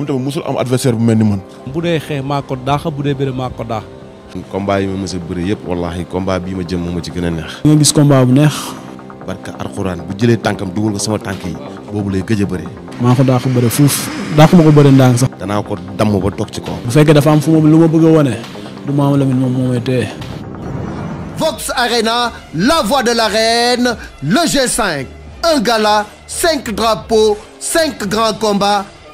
moom tamit musul am adversaire bu mel ni man. bu dee xeex maa ko daax bu dee bëre maa ko daax. combat yi ma mës a bëri yëpp wallaahi bii ma jëm moo ci gën a neex. nga gis combat bu neex. barka alxuraan bu jëlee tànkam dugal ko sama tànk yi boobu lay gëj a bëri. daax bëri fuuf daax ko bëri ndànk sax. danaa ko damm ba toog ci kaw. bu fekkee dafa am fu mu lu ma bëgg a wane ma am la moom moo may la voix de l'arène le G5 un gala cinq drapeaux cinq grands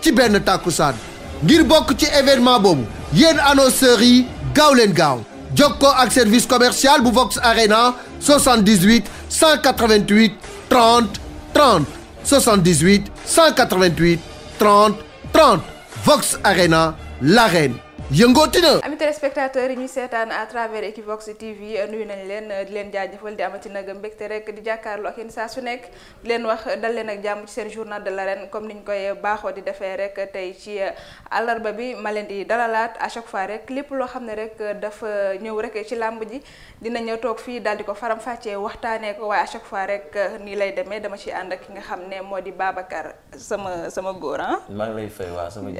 ci benn tàkkusaan ngir bokk ci événement boobu yéen annonceurs yi gaaw gaaw jokkoo ak service commercial bu Vox Arena 78 188 30 30 78 188 30 30 Vox Arena l'arène yëngooti na. ami téléspectateurs yi ñuy seetaan à travers Equivox TV nuyu nañ leen di leen jaajëfal di amati nag mbégte rek di jàkkaarloo ak yéen saa su nekk leen wax dal leen ak jàmm ci seen journal de l'arène comme niñ koy baaxoo di defee rek tey ci euh, àllarba bi ma leen di dalalaat à chaque fois rek lépp loo xam ne rek dafa ñëw rek ci làmb ji dinañ toog fii daal di ko faram-fàccee waxtaanee ko waaye à chaque fois rek euh, nii lay demee dama ci ànd ak ki nga xam ne moo di Babacar sama sama góor ah. maa ngi lay fay waaw sama.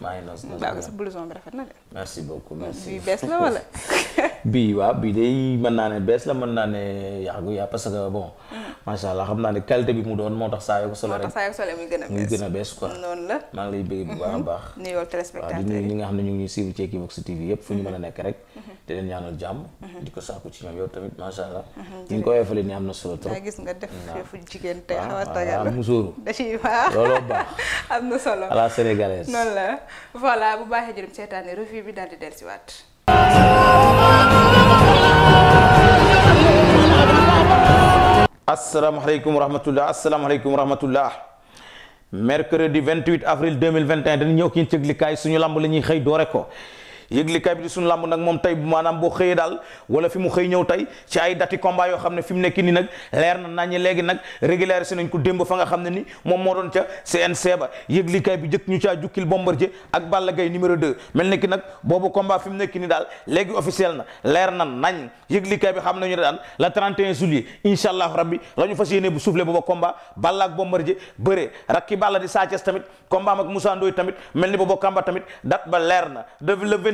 maa ngi rafet na de. merci beaucoup merci bii bees la wala. bii waaw bii day mën naa ne bees la mën naa ne yàggu yaa parce que bon. Mm. macha allah xam naa ne qualité bi mu doon moo tax saa yoo ko solo rek moo tax muy gën a bees muy a bees noonu la maa ngi lay bëgg bu baax a mhm. baax nuyoo téléspectateur yi nga xam ne ñu ngi suivre ci Equivox TV yëpp fu ñu mën a mhm. nekk rek te mhm. leen ñaanal jàmm di ko sàkku ci ñoom yow tamit macha allah ñu fu jigéen tey xaw a tagal musóoru da ciy baax looloo am na solo à la noonu la voilà bu baaxee jërëm seetaane revue bi daal di dellusiwaat asalaamaaleykum wa rahmatulah asalaamaaleykum wa rahmatulah mercredi 28 avril 2021 dañu ñëw ak yéen ci yëglikaay suñu lamb la ñuy xëy doore ko. yëglikaay bi di suñu làmb nag moom tey bu maanaam boo xëyee daal wala fi mu xëy ñëw tey ci ay dati combat yoo xam ne fi mu nekk nii nag leer na naññi léegi nag régulariser nañ ko démb fa nga xam ne ni moom moo doon ca CNG ba yëglikaay bi jëkk ñu caa jukkil Bombardier ak Balla gay numéro 2 mel ni ki nag boobu combat fi mu nekk nii daal léegi officiel na leer na nañ yëglikaay bi xam nañu daal le 31 juillet incha allah rabbi la ñu fas yéene bu soufflé booba combat Balla ak Bombardier bëre rakki Balla di Sa tamit combat ak Moussa tamit mel ni booba combat tamit date ba leer na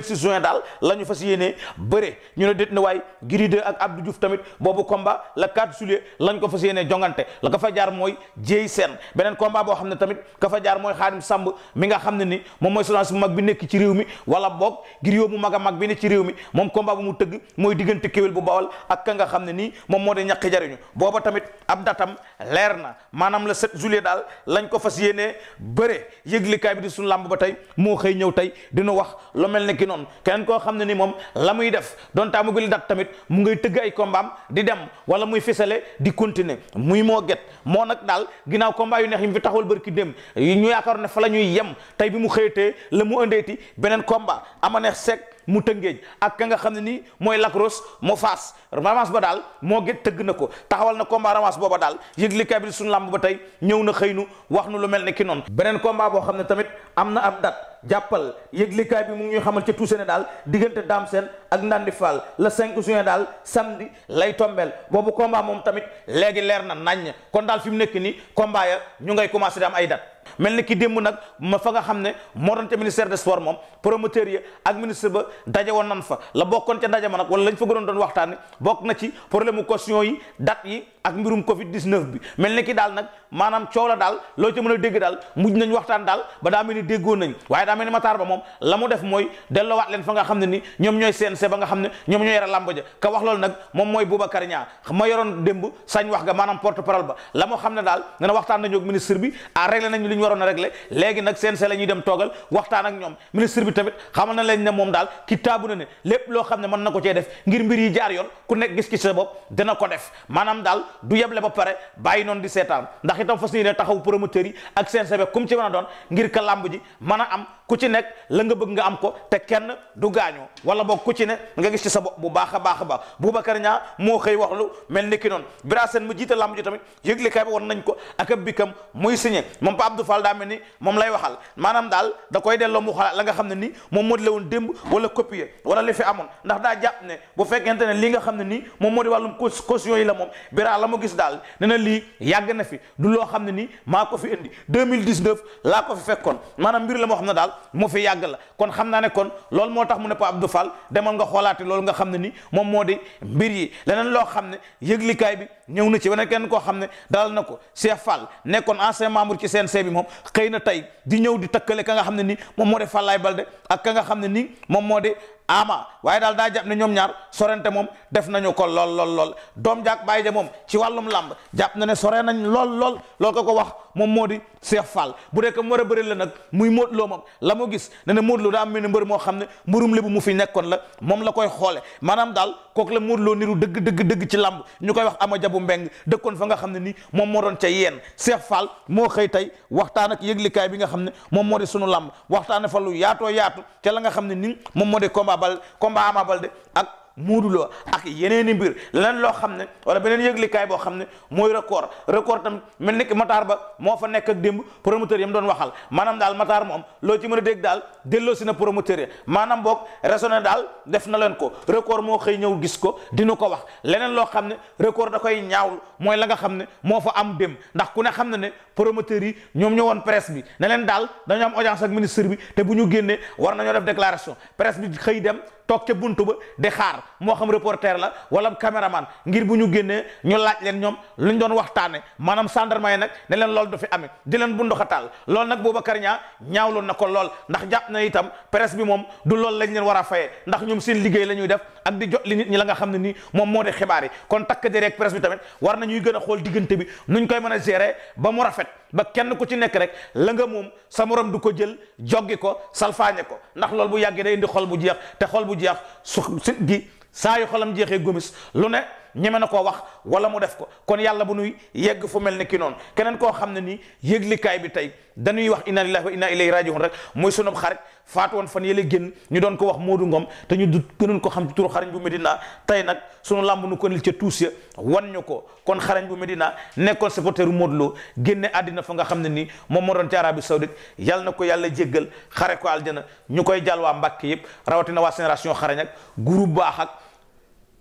26 juin daal la ñu fas yéenee bëre ñu ne déet na waay Gris ak Abdou Diouf tamit boobu combat le 4 juillet lañ ko fas yéenee jongante la ka fa jaar mooy jéey seen beneen combat boo xam ne tamit ka fa jaar mooy Xaadim Samb mi nga xam ne ni moom mooy solence bu mag bi nekk ci réew mi wala boog Gris bu mag a mag bi nekk ci réew mi moom combat bu mu tëgg mooy diggante kéwél bu bawal ak nga xam ne nii moom moo di ñàkk jariñu booba tamit ab datam leer na maanaam le 7 juillet daal lañ ko fas yéenee bëre yëglikaay bi di suñ làmb ba tey moo xëy ñëw tey dina wax lu mel ne noonu keneen koo xam ne ni moom la muy def doon taamugul dat tamit mu ngay tëgg ay kombaam di dem wala muy fisale di continuer muy moo get moo nag daal ginnaaw combat yu neex yi mu fi taxawal barki dem ñu yaakaar ne fa la ñuy yem tey bi mu xëytee la mu ëndeeti beneen combat ama neex sek mu tëngéej ak ka nga xam ne nii mooy lacrosse mu faas revanche ba daal moo gét tëgg na ko taxawal na combat revanche booba daal yëg li kabiri suñu làmb ba tey ñëw na xëy nu wax nu lu mel ne ki noonu beneen combat boo xam ne tamit am na ab date jàppal yëglikaay bi mu ngi ñuy xamal ca sene daal diggante daam seen ak Ndandi Fall le 5 juin daal samedi lay tombeel boobu combat moom tamit léegi leer na naññ kon daal fi mu nekk ni combat ya ñu ngay commencé di ay date mel ni ki démb nag ma fa nga xam ne moo doon te ministère des sports moom promoteur yi ak ministre ba daje woon nan fa la bokkoon ca ndaje ma nag wala lañ fa gënoon doon waxtaane na ci ni daal loo ci a dégg daal mujj nañ waxtaan daal ba daa mel ni déggoo nañ waaye daa mel ni Matar Ba moom la mu def mooy delloowaat leen fa nga xam ne ni ñoom ñooy CNC ba nga xam ne ñoom ñooy yara làmb ja ka wax loolu nag moom mooy Boubacar Niang ma yoroon démb sañ wax ga maanaam porte parole ba la moo xam ne daal ne na waxtaan nañu ak ministre bi a réglé li waroon a régler léegi nag seen la ñuy dem toogal waxtaan ak ñoom ministre bi tamit xamal na leen moom daal ki na ne lépp loo xam ne mën na ko cee def ngir mbir yi jaar yoon ku nekk gis ki sa dina ko def maanaam daal du yeble ba pare bàyyi noonu di seetaan ndax itam fas yéene taxaw promoteurs yi ak seen sebe comme ci mën a doon ngir ka làmb ji mën a am ku ci nekk la nga bëgg nga am ko te kenn du gaañoo wala boog ku ci ne nga gis ci sa bu baax a baax a baax Boubacar Niang moo xëy wax lu mel ni ki noonu Bira Sène mu jiite làmb ji tamit yëgle kay bi war nañ Abdou Fall daa mel ni moom lay waxal maanaam daal da koy delloo mu xalaat la nga xam ne di la nii moom moo di wàllum caution yi la moom Bira la mu gis daal ne na lii yàgg na fi du loo xam ne nii maa ko fi indi 2019 laa ko fi fekkoon maanaam mbir la moo xam ne daal moo fi yàgg la kon xam naa ne kon loolu moo tax mu ne Pa Abdou demal nga xoolaate loolu nga xam ne ni moom moo di mbir yi leneen loo xam ne yëglikaay bi ñëw na ci wane kenn koo xam ne dalal na ko Cheikh Fall nekkoon ancien membre ci CNC bi moom xëy na tey di ñëw di takkale ka nga xam ne ni moom moo de Fallaye Balde ak ka nga xam ne ni moom moo de ama waaye daal daa jàpp ne ñoom ñaar sorente moom def nañu ko lool lool lool doom jaak bàyyi de moom ci wàllum làmb jàpp na ne sore nañ lool lool lool ko ko wax moom moo di Cheikh Fall bu dee ko war la nag muy Modou Lo moom la mu gis ne ne Modou Lo daa mel ni mbër moo xam ne mbërum lébu mu fi nekkoon la moom la koy xoole maanaam daal kooku la Modou niru dëgg dëgg dëgg ci làmb ñu koy wax ama jabu mbeng dëkkoon fa nga xam ne nii moom moo doon ca yeen Cheikh Fall moo xëy tey waxtaan ak yëglikaay bi nga xam ne moom moo di sunu làmb waxtaane fa lu yaatoo yaatu ca la nga xam ne nii moom moo di combat Ama Baldé combat Ama Baldé ak muuduloo ak yeneen i mbir leneen loo xam ne wala beneen yëglikaay boo xam ne mooy record record tam mel ni Matar ba moo fa nekk ak démb promoteur yam doon waxal maanaam daal mataar moom loo ci mën a dégg daal delloo na promoteur yi maanaam boog raisonné daal def na leen ko record moo xëy ñëw gis ko dinu ko wax leneen loo xam ne record da koy ñaaw mooy la nga xam ne moo fa am démb ndax ku ne xam na ne promoteurs yi ñoom ñoo woon presse bi ne leen daal dañoo am audience ak ministre bi te bu ñu génnee war nañoo def déclaration presse bi xëy dem toog ca buntu ba di xaar moo xam reporter la wala man ngir bu ñu génnee ñu laaj leen ñoom lu ñu doon waxtaane maanaam gendarme yi nag ne leen loolu du fi amee di leen bunduxataal loolu nag Boubacar ñaaw ñaawloon na ko lool ndax jàpp na itam presse bi moom du loolu lañ leen war a fayee ndax ñoom seen liggéey la ñuy def ak jot li nit ñi la nga xam ne nii moom moo de xibaar yi kon takk di rek presse bi tamit war na ñuy gën a xool diggante bi nuñ koy mën a gérer ba mu rafet ba kenn ku ci nekk rek la nga moom sa morom du ko jël joggi ko salfaañe ko ndax loolu bu yàggee indi xol bu jeex mu jeex su sit gi saa yu lu ne ñeme na koo wax wala mu def ko kon yàlla bu nuy yegg fu mel ni ki noonu keneen koo xam ne nii yëglikaay bi tey dañuy wax inna lillahi wa inna ilayhi rajiun rek mooy sunu xarit faatu woon fan yële génn ñu doon ko wax Modou ngoom te ñu du gënoon ko xam ci turu xarañ bu Medina tey nag sunu làmb nu ko nil ca tuus ya wan ñu ko kon xarañ bu Medina nekkoon supporteru Modou Lo génne àddina fa nga xam ne nii moom moo doon ci Arabie Saoudite yàlla na ko yàlla jéggal xare ko aljana ñu koy jàll waa Mbàkke yëpp rawatina waa génération xarañ ak groupe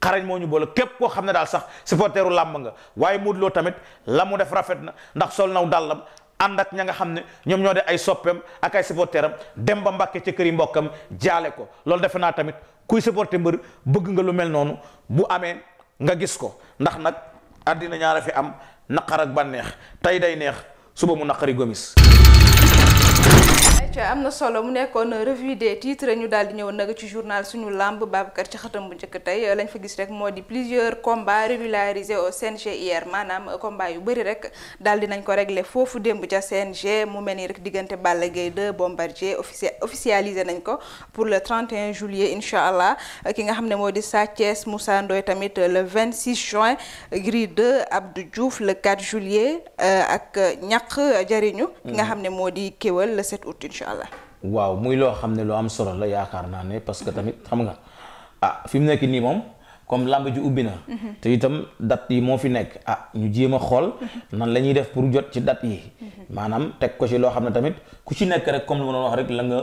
xarañ moo ñu boole képp koo xam ne daal sax supporteru làmb nga waaye Modou tamit la mu def rafet na ndax sol naw dàllam ànd ak ña nga xam ne ñoom ñoo de ay soppeem ak ay supporteram dem ba Mbàkke ci kër yi mbokkam jaale ko loolu defe naa tamit kuy supporter mbër bëgg nga lu mel noonu bu amee nga gis ko ndax nag àddina ñaara fi am naqar ak bànneex tey day neex suba mu naqari gomis ca am na solo mu nekkoon revue des ñu daal di ñëw nag ci journal suñu làmb Babacar ci xëtam bu njëkk tey lañ fa gis rek moo di plusieurs combats régularisés au CNG hier maanaam combat yu bëri rek daal di nañ ko régler foofu démb ca CNG mu mel ni rek diggante Balla Gaye 2 Bombardier offici officialisé nañ ko pour le 31 juillet incha allah ki nga xam ne moo di Sa Thiès tamit le 26 juin Gris 2 Abdou Diouf le 4 juillet euh, ak ñaq jariñu ki nga mhm. xam ne moo di kéwal le 7 août incha allah. waaw muy loo xam ne lu am solo la yaakaar naa ne parce que tamit xam nga ah fi nekk nii moom comme làmb ji ubbi na. te itam date yi moo fi nekk ah ñu jéem a xool nan la ñuy def pour jot ci date yi. maanaam teg ko ci loo xam ne tamit ku ci nekk rek comme lu ma doon wax rek la nga.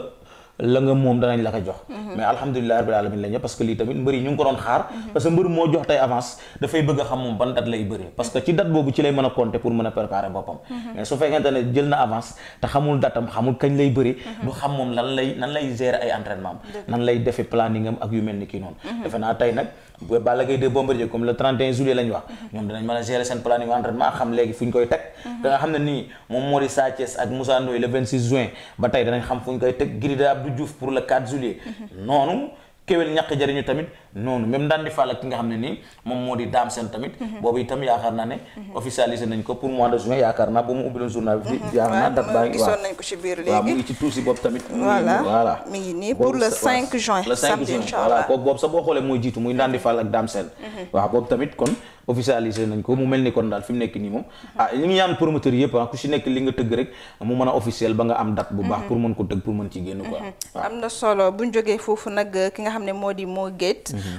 la nga moom danañ la ko jox mais alhamdulilah rabbil alamin la ñëpp parce que lii tamit mbër yi ñu ngi ko doon xaar parce que mbër moo jox tey avance dafay bëgg a xam moom ban date lay bëree parce que ci date boobu ci lay mën a compter pour mën a préparer boppam mais su fekkente ne jël na avance te xamul datam xamul kañ lay bëri du xam moom lan lay nan lay gérer ay entraînement am nan lay defe planning am ak yu mel ni kii noonu mhm. defe naa tey nag Balla Gaye 2 Bombardier comme le 31 juillet la wax mhm. ñoom dinañ mën seen planning entraînement xam léegi fu ñu koy teg da mhm. xam ne moom moo di Sa Thiès ak Moussa Ndoye le 26 juin ba tey danañ xam fu ñu koy teg Gris Abdou Diouf pour le 4 juillet mhm. noonu kéwél ñàkk jariñu tamit noonu même Ndandi Fall ak ki nga xam ne nii moom moo di daam seen tamit mhm. boobu itam yaakaar naa ne mhm. officialisé nañ ko pour mois de juin yaakaar naa ba mu ubbi leen mhm. nañ ko ci biir léegi waaw mu ngi boo xoolee mooy jiitu muy Ndandi Fall ak daam seen waaw boobu tamit kon officialisé nañ ko mu mel ni kon daal fi nekk nii moom ah ñu ngi ñaan promoteur yëpp ah, ku si nekk li nga tëgg rek mu mën a officiel ba nga am date bu baax pour mën ko tëgg pour mën ci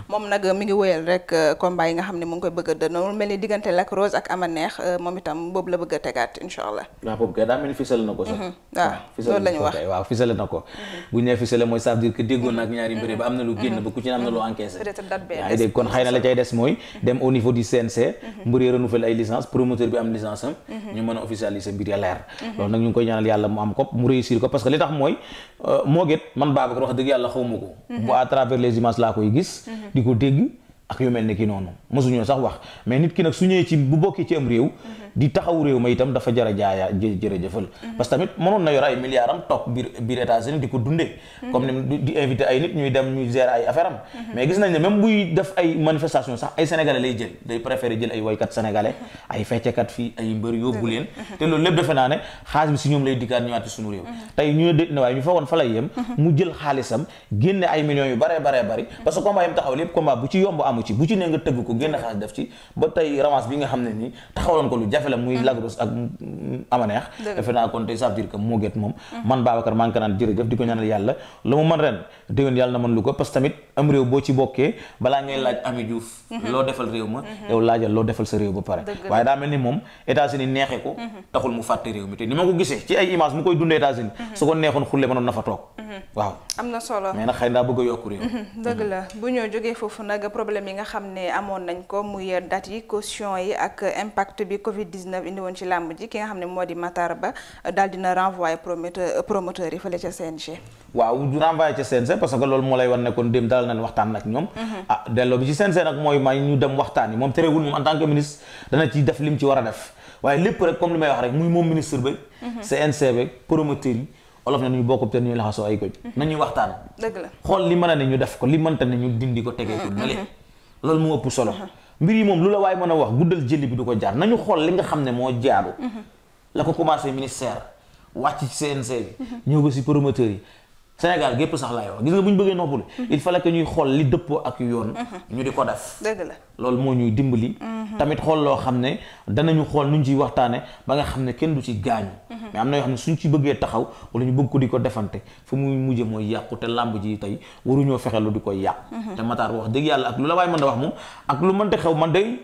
moom nag mi ngi wéyal rek euh, combat yi nga xam ne mu ngi koy bëgg a mel ni diggante Lac Rose ak Ama Neex euh, moom itam boobu la bëgg a tegaat incha allah. waaw boobu kay daa mel ni fisale na ko sax. Mhm. waaw fisale na ko mhm. bu ñu fisale mooy ça dire que déggoon a mhm. nag ñu ngi koy ñaanal yàlla mu am ko mu réussir ko parce que li tax mooy euh, moo gét man Babacar wax dëgg yàlla xawma ko bu à les images laa koy gis di ko dégg ak yu mel ni ki noonu mosuñoo sax wax mais nit ki nag su ñëwee ci bu bokkee ci am réew di taxaw réew ma itam dafa jara jaaya jërëjëfal parce que tamit mënoon na yor ay milliards am toog biir biir États-Unis di ko dundee comme ni di invité ay nit ñuy dem ay affaire am mais gis nañ ne même buy def ay manifestation sax ay sénégalais lay jël day préféré jël ay waykat sénégalais ay feccekat fii ay mbër yóbbu leen te loolu lépp defe naa ne xaalis bi si ñoom lay dikkaat ñëwaat ci suñu réew tey ñu ñu foogoon fa lay yem mu jël xaalisam génne ay millions yu bare làmb ci bu ci ne nga tëgg ko génn xaalis def ci ba tey revanche bi nga xam ne nii taxawaloon ko lu jafe la muy mm. lagros ak amaneex defe naa mm. ko mm-hmm. defal mm-hmm. mm-hmm. réew mi te ni ma ko gisee ci ay image mu koy dundee États-Unis su ko neexoon xulle mënoon na fa toog waaw am na solo bëgg a yokku réew dëgg la bu ñoo jógee foofu nag problème yi nga xam ne amoon nañ ko muy date yi caution yi ak impact bi Covid 19 indi woon ci làmb ji ki nga xam ne moo di Matar Ba daal dina renvoyer promoteur euh, promoteur yi fële ca CNG. waaw du renvoyer ca CNG parce que loolu moo lay wan ne kon dem daal nañ waxtaan ak ñoom. Mhm. ah delloo bi ci CNG nag mooy may ñu dem waxtaan yi moom terewul moom en tant que ministre dana ci def lim ci war a def waaye lépp rek comme li may wax rek muy moom ministre ba. Mhm. CNG ba loolu moo ëpp solo mbir yi moom lu la waay mën a wax guddal jëli bi du ko jaar nañu xool li nga xam ne moo jaaru mhm. la ko commencé ministère wàcc ci CNC bi mhm. ñëw ba si promoteurs yi Sénégal gépp sax laay wax gis nga bu ñu bëggee noppalu mhm. il fallait que ñuy xool li dëppoo ak yoon mhm. ñu di ko def loolu moo ñuy dimbali mhm. tamit xool loo xam ne danañu xool nu ñu ciy waxtaane ba nga xam ne kenn du ci gaañu mais am na yoo xam ne suñ ci bëggee taxaw wala ñu bëgg ko di ko defante fu muy mujje mooy yàqu te làmb ji tey waruñoo fexe lu di koy yàq te Matar wax dëgg yàlla ak lu la waay mën a wax moom ak lu mënta xew man day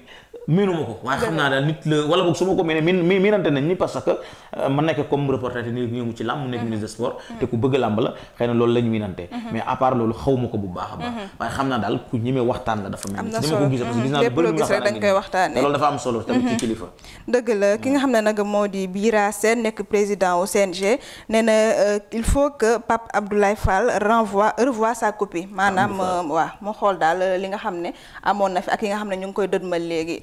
miinuma ko waaye xam naa daal nit la wala boog su ma ko miinee miin miinante nañ ni parce que euh, ma nekk comme reporter te ni ñëw ci làmb mu nekk ministre de sport mm-hmm. te ku bëgg làmb la xëy na loolu la ñu miinante mm-hmm. mais à part loolu xaw ma ko bu baax a baax mm-hmm. waaye xam naa daal ku ñemee waxtaan la dafa mel ni ma ko gisee parce que gis naa bëri mu waxtaan dañ koy waxtaanee loolu dafa am solo tamit ci kilifa dëgg la ki nga xam ne nag moo di Bira Sène nekk président au CNG nee na euh, il faut que Pape Abdoulaye Fall renvoie revoie sa copie maanaam euh, waaw mu xool daal li nga xam ne amoon na fi ak yi nga xam ne ñu ngi koy dëdmal léegi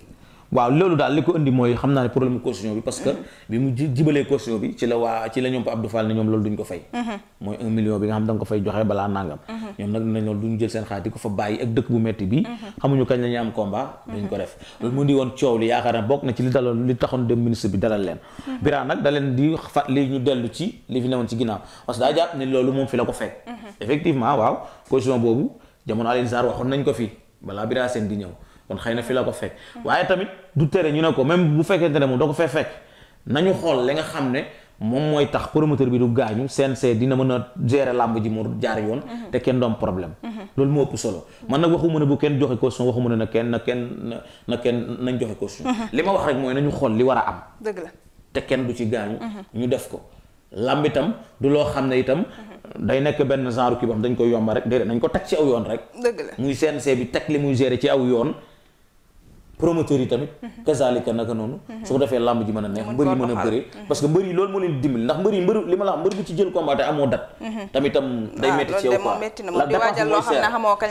waaw loolu daal li ko indi mooy xam naa ne problème caution bi parce que bi mu jibalee caution bi ci la waa ci la ñoom Abdou Fall ne ñoom loolu duñ ko fay mhm. mooy un million bi nga xam da nga ko fay joxe balaa nangam mhm. ñoom ko mhm. am combat duñ ko def loolu mu di woon coow li yaakaar na bokk na ci li daloon li taxoon dem ministre bi dalal leen Birane nag da leen di fàttali ñu dellu ci li fi newoon ci ginnaaw parce que daa jàpp ne loolu moom fi la ko fekk effectivement waaw caution boobu jamono Alioune Sarr waxoon nañ ko fi balaa Birane Sène di ñëw kon xëy na fi la ko fekk waaye tamit du tere ñu ne ko même bu fekkente ne moom da ko fee fekk nañu xool li nga xam ne moom mooy tax bi du gaañu CNG a gérer làmb ji mu jaar yoon mhm. te kenn doom problème mhm. loolu moo ëpp solo man nag waxuma ne bu kenn joxe caution waxuma ne na kenn na kenn na kenn nañ joxe caution mhm. li ma wax rek mooy nañu xool li war a am dëgg la te kenn du ci gaañu ñu def ko làmb itam du loo xam ne itam day nekk benn genre kii boo xam dañ ko yomba rek déedéet nañ ko teg ci aw yoon rek dëgg la muy bi teg li muy gérer ci aw promoteurs yi tamit mhm. kazalika naka noonu mhm. su ko defee lamb ji mën a neex mbër mën a bëree mhm. parce que mbër loolu moo leen dimbali ndax mbër li ma la bu ci jël combat ah, xam ne xamoo kañ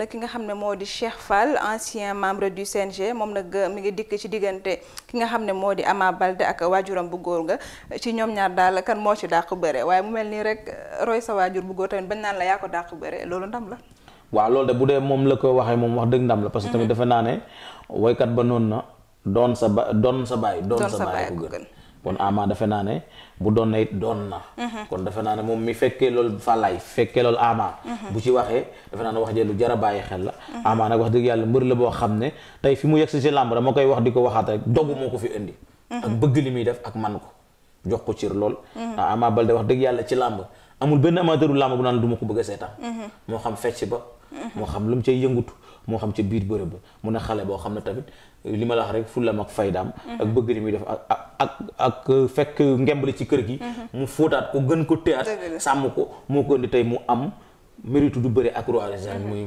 na ki nga xam ne moo di Cheikh Fall ancien membre du CNG moom nag euh, mi ngi dikk ci diggante ki nga xam ne moo di Ama Baldé ak waajuram bu góor nga ci ñoom ñaar daal kan moo ci dàq bëre waaye mu mel nii rek euh, roy sa waajur bu góor tamit bañ naan la yaa ko dàq bëre loolu ndam la waaw loolu de bu dee moom la koy waxee moom wax dëgg ndam la parce que tamit mhm. defe naa woykat ba noon na doon sa ba doon sa baay doon sa baay ko gën defe naa ne bu doon na it doon na mhm. kon defe naa ne moom mi fekkee loolu fàllaay fekkee loolu ama mhm. bu ci waxee defe naa ne wax jee lu jar a bàyyi xel la ama nag wax dëgg yàlla mbër la boo xam ne tey fi mu yegsi ci làmb dama koy wax di ko waxaat rek dogu moo ko fi indi ak bëgg li muy def ak man ko jox ko cir lool amaa ah, Ama Baldé wax dëgg yàlla ci làmb amul benn amateuru làmb bu naan du ma ko bëgg a seetaan moo xam fecc ba moo xam lu mu cay yëngutu moo xam ca biir bërëb ba mun a xale boo xam ne tamit li ma la wax rek fulam ak faydaam mm-hmm. ak bëgg li muy def ak ak euh, fekk ngembali ci kër gi mm-hmm. mu fóotaat ko gën ko téyaat sàmm ko moo ko indi tey mu am mérite du bëre ak roi des arènes mm-hmm. muy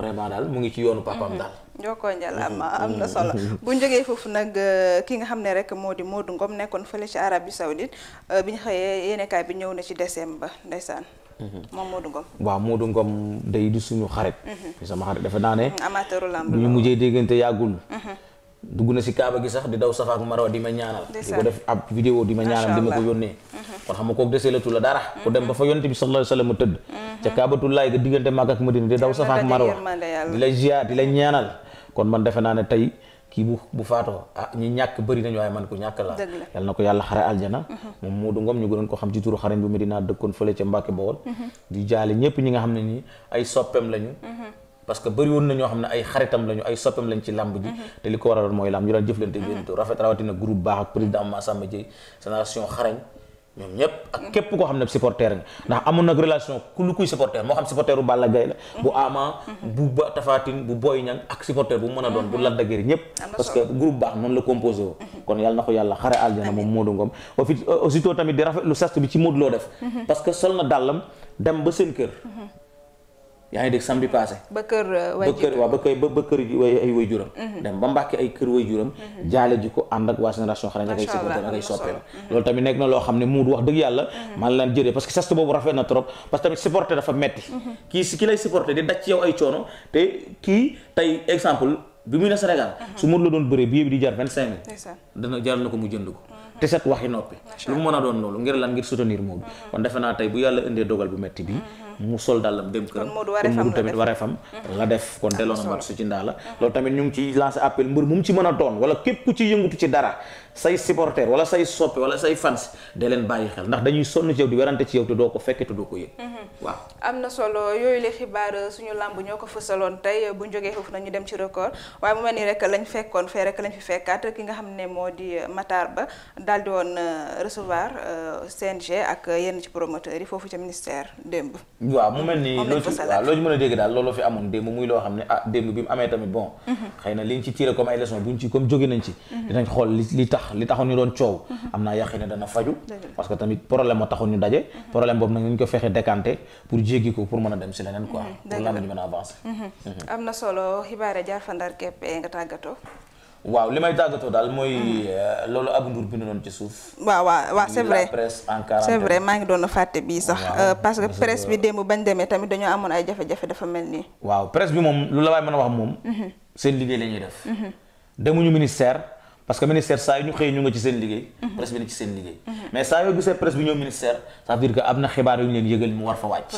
Modou daal mu ngi ci yoonu papaam daal jokkoo njal ama am na solo bu ñu foofu nag euh, ki nga xam ne rek moo di Modou Ngom nekkoon fële ci Arabie Saoudite euh, bi ñu xëyee yéenekaay bi ñëw na ci décembre ba ndeysaan Mm-hmm. moom Modou Ngom. waaw Modou Ngom day di suñu xarit. Mm-hmm. sama xarit dafa naa ne. Mm-hmm. amateuru lamb bu ñu mujjee déggante yàggul. dugg na si kaaba gi sax di daw safa ak marwa di ma ñaanal. di ko def ab vidéo di ma ñaanal di ma ko yónnee. kon xam nga kooku deseelatu la dara. ku dem ba fa yonent bi sallallahu alayhi wasallam tëdd. ca kaabatullaay ga diggante Makka ak Madina di daw safa ak marwa di la ziar di la ñaanal kon man defe naa ne tey. kii bu bu faatoo ah ñi ñàkk bëri nañu waaye man ko ñàkk laa yàlla na ko yàlla xare aljana mhm. moom Modou Ngom ñu gënoon ko xam ci turu xarañ bu Medina dëkkoon fële ca Mbàkke Bawol mhm. di jaale ñépp ñi nga xam ne nii ay soppeem lañu mhm. parce que bëri woon na ñoo xam ne ay xaritam lañu ay soppam lañ ci làmb ji te li ko waraloon mooy làmb ñu daan jëflante benn rafet rawatina groupe baax ak président Massamba Dieye génération xarañ ñoom ñëpp ak képp koo xam ne supporter nga ndax amoon nag relation ku lu kuy supporter moo xam supporteru Balla Gaye la bu Ama bu ba Tafatine bu Boy Niang ak supporter bu mën a doon bu Lac de Guiers ñëpp parce groupe baax noonu la composé woo mhm. kon yàlla na ko yàlla xare aljana moom Modou Ngom aussi euh, aussitôt tamit di rafetlu sast bi ci Modou Lo def mhm. parce sol na dàllam dem ba seen kër mhm. yaa ngi dégg samedi passé. ba kër euh, way ba kër ba kër ay way juram. Mhm. dem ba Mbàkke ay kër way juram. Mhm. jaale ji ko ànd ak waa génération xarañ ak ay sécurité ak ay soppeem. Mhm. loolu tamit nekk na loo xam ne muud wax dëgg yàlla. maa ngi leen jëree parce que sas boobu rafet na trop parce que tamit supporter dafa metti kii si ki lay supporter di daj ci yow ay coono te kii tey exemple bi muy na Sénégal. su Modou Lô doon bëree billet bi di jar vingt cinq mille. dana jaral na ko mu jënd ko. te set waxi lu a doon loolu ngir lan ngir soutenir moom kon defe naa tey yàlla indee dogal bu metti bi mu sol dàllam dem këram kon mu tamit waree fam mhm. la def kon delloo na mat su ci ndaa la mhm. loolu tamit ñu ngi ci lancé appel mbër mu mu ci mën a doon wala képp ku ci yëngutu ci dara say supporter wala say soppe wala say fans de leen bàyyi xel ndax dañuy sonn ci yow di werante ci yow te doo ko fekke te doo ko yëg mhm. waaw am na solo yooyu la xibaar euh, suñu làmb ñoo ko fësaloon tey bu ñu jógee foofu nañu dem ci record waaye mu mel ni rek lañ fekkoon fi fekkaat ki nga xam ne moo di euh, Matar Ba daal di woon euh, recevoir CNG ak yenn ci promoteurs foofu ca ministère démb waaw mu mel ni loo ci waaw loo ci mën a dégg daal looloo fi amoon démb muy loo xam ne ah démb bi mu amee tamit bon mhm. xëy na liñ ci tiré comme ay leçons buñ ci comme jóge nañ ci mhm. dinañ xool li tax ndax li taxoon ñu doon coow mhm. am naa yàqi ne dana faju parce que tamit problème ma taxoon ñu daje mhm. problème boobu nag ñu ko fexe décanté pour jéggi ko pour mën a dem si leneen quoi mhm. pour lamb ji a avancé am na solo xibaare jaar ndar képp nga tàggatoo waaw li may tàggatoo daal mooy euh, loolu Abou Ndour bind doon ci suuf. waaw waaw c'est vrai c'est vrai maa ngi doon fàtte bii sax. Euh, parce que presse bi démb bañ demee tamit dañoo amoon ay jafe-jafe dafa mel nii. waaw presse bi moom a wax parce que ministère saa yu ñu xëyee ñu nga ci seen liggéey mhm. presse bi ne ci seen liggéey mhm. mais saa yoo gisee presse bi ñëw ministère ça veut dire que am na xibaar yu ñu leen yëgal mu war fa wàcc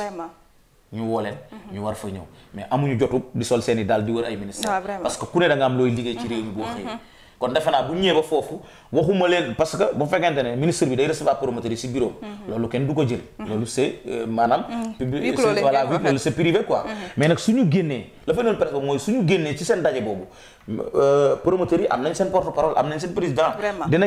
ñu woo mhm. ñu war fa ñëw mais amuñu jotu di sol seen daal di wër ay ministère parce que ku ne da am looy liggéey ci réew mi boo xëyee kon defe naa bu ñëwee ba foofu waxuma leen parce que bu fekkente ne ministre bi day recevoir promoteur yi si bureau mhm. loolu kenn du ko jël mhm. loolu c'est euh, maanaam mhm. public voilà loolu c'est privé quoi mais nag suñu génnee la fa noonu presque suñu génnee ci seen daje boobu euh, promoteurs yi am nañ seen porte parole am nañ seen président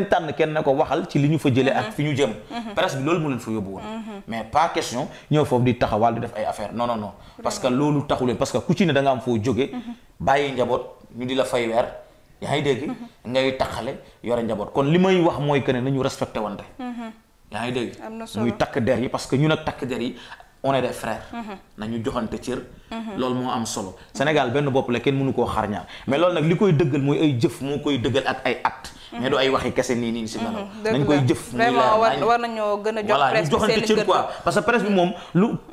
tànn kenn ne ko waxal ci li ñu fa jëlee ak ñu jëm presse loolu mu leen fa yóbbu woon mais pas question ñëw foofu di taxawal di def ay affaire non non non parce que loolu taxu leen parce que ku ci ne da am foo jóge bàyyi njaboot ñu di la fay weer yaa ngi dégg ngay taxale yore njaboot kon li may wax mooy que ne nañu respecté wante mm-hmm. yaa ngi dégg muy takk der yi parce que ñu ak takk der yi on est des frères mm-hmm. nañu joxante cër mm-hmm. loolu moo am solo Sénégal benn bopp la kenn mënu koo xar mais loolu nag li koy dëggal mooy ay jëf moo koy dëggal ak ay acte mais du ay waxi kese nii nii si nelaw mm-hmm. nañ koy jëf nii la war a jox presse cër quoi parce que presse bi moom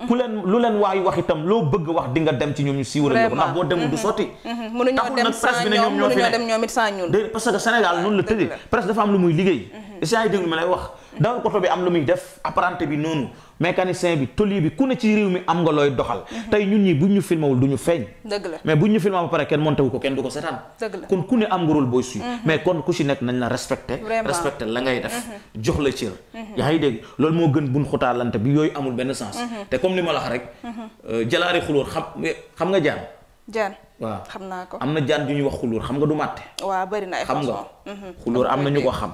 ku leen lu leen waay wax loo bëgg wax di dem ci ñoom ñu siiwal ko ndax boo demul du mm-hmm. sotti mm-hmm. mënuñoo dem sans ñoom mënuñoo ñoom it sans ñun parce que Sénégal noonu la tëddee presse dafa am lu muy liggéey essayé déglu ma lay wax dawal oto bi am lu muy def apprenti bi noonu mécanicien bi tôlier bi ku ne ci réew mi am nga looy doxal mhm. tey ñun ñi buñ ñu filmawul du ñu feeñ dëgg la mais buñ ñu filmé kenn monté wu ko kenn du ko seetaan dëgg la kon ku ne am nga rôle booy suy mhm. mais kon ku ci nekk nañ la respecté respecté la ngay def mhm. jox la cër yaa ngi dégg loolu moo gën buñ xutaalante bi yooyu amul benn sens te comme li ma la wax rek euh, jalaari xulóor xam xam nga jaan jaan waa xam naa ko am na jaan ju ñuy wax xulóor xam nga du màtte waa bari na ay xam nga xulóor am na ñu ko xam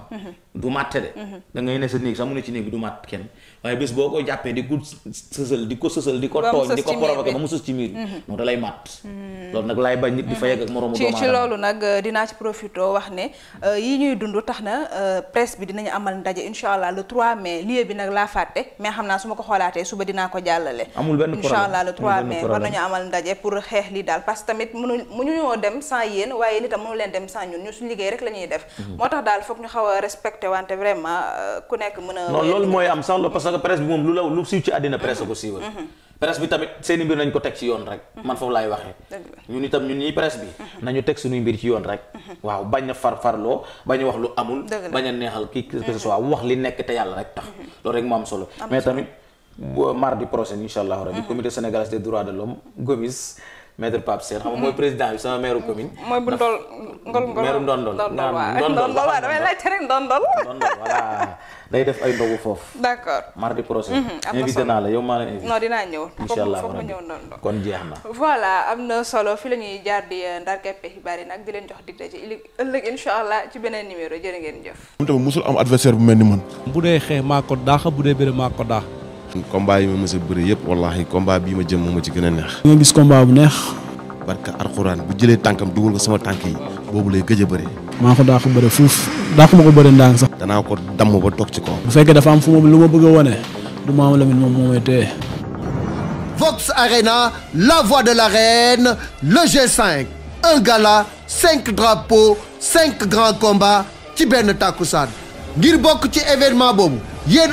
du màtte de da ngay ne sa néeg sax mu ne ci néeg bi du màtt kenn waaye bés boo ko jàppee di ko sësal di ko sësal di ko tooñ di ko provoqué bi mhm. moo da lay màtt mhm. loolu nag laay euh, euh, na euh, presse bi dinañu amal ndaje incha allah le 3 mai lieu bi nag laa fàtte mais xam naa su ma ko xoolaatee suba dinaa ko jàllale amul benn problème incha nañu amal ndaje pour xeex li daal parce que tamit mënu mënuñoo dem sans yéen waaye nitam mënu leen dem sans ñun ñun suñu liggéey rek la ñuy def. moo tax daal foog ñu xaw a respecté wante vraiment euh, ku nekk mën a. non loolu mooy am sax la parce que presse bi moom lu la lu siiw ci àddina presse ko siiwal. Mhm. presse bi tamit seeni mbir nañu ko teg ci yoon rek mhm. man foofu laay waxee ñun itam ñun ñi presse bi mhm. nañu teg suñuy mbir ci yoon rek waaw bañ a far farloo bañ a wax lu amul bañ a neexal kii que ce soit wax li nekk te yàlla rek tax loolu rek mu am solo mais tamit mardi prochain insha allahu maître Pape Sène xam nga mooy mm-hmm. président bi sama maire commune. Mm-hmm. mooy bu ndol ngol ngol maire ndondol. ndondol damay laajte rek ndondol. ndondol voilà day def ay ndogu foofu. d'accord mardi prochain. Mm-hmm, invité naa la yow maa la invité. non dinaa ñëw. incha allah foofu ñëw ndondol kon jeex na. voilà am na solo fi la ñuy jaar di euh, ndar keppe xibaar yi nag di leen jox dig daje ëllëg incha allah ci beneen numéro jërë ngeen jëf. moom tamit musul am adversaire bu mel ni man. bu dee xee maa ko daax bu dee bëre maa ko daax. combat yi ma mës a bëri yëpp wallaahi combat bii ma jëm moo ma ci gën a neex. di nga gis combat bu neex. barka alxuraan bu jëlee tànkam dugal ko sama tànk yi boobu lay gëj a bëri. maa ko daa ko fuuf daa ma ko bëri ndànk sax. danaa ko damm ba toog ci kaw. bu fekkee dafa am fu mu lu ma bëgg a wane du ma am la moom moo may téye. Vox Arena la voix de l'arène le g gala cinq drapeaux cinq grands combats ci benn takkusaan ngir bokk ci événement boobu yéen